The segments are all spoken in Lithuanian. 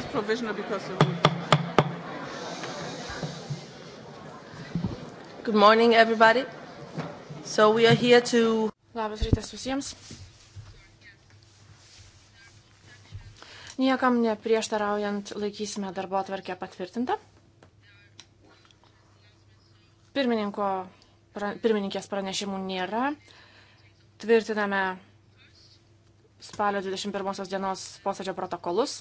as provisional because of. Good morning, everybody. So we are here to. Labas rytas visiems. Niekam neprieštaraujant laikysime darbo atvarkę patvirtintą. Pirmininko, pra, pirmininkės pranešimų nėra. Tvirtiname spalio 21 dienos posėdžio protokolus.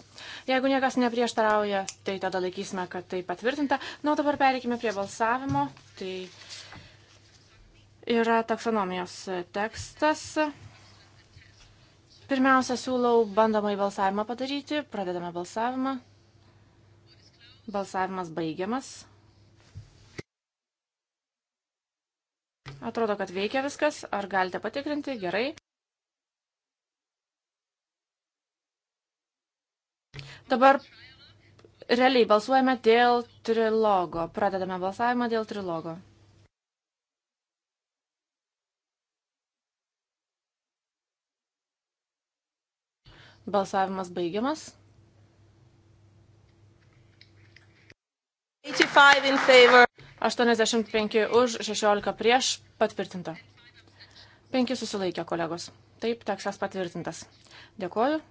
Jeigu niekas neprieštarauja, tai tada laikysime, kad tai patvirtinta. Na, dabar pereikime prie balsavimo. Tai yra taksonomijos tekstas. Pirmiausia, siūlau bandomąjį balsavimą padaryti. Pradedame balsavimą. Balsavimas baigiamas. Atrodo, kad veikia viskas. Ar galite patikrinti? Gerai. Dabar realiai balsuojame dėl trilogo. Pradedame balsavimą dėl trilogo. Balsavimas baigiamas. 85 už, 16 prieš, patvirtinta. 5 susilaikė kolegos. Taip, tekstas patvirtintas. Dėkoju.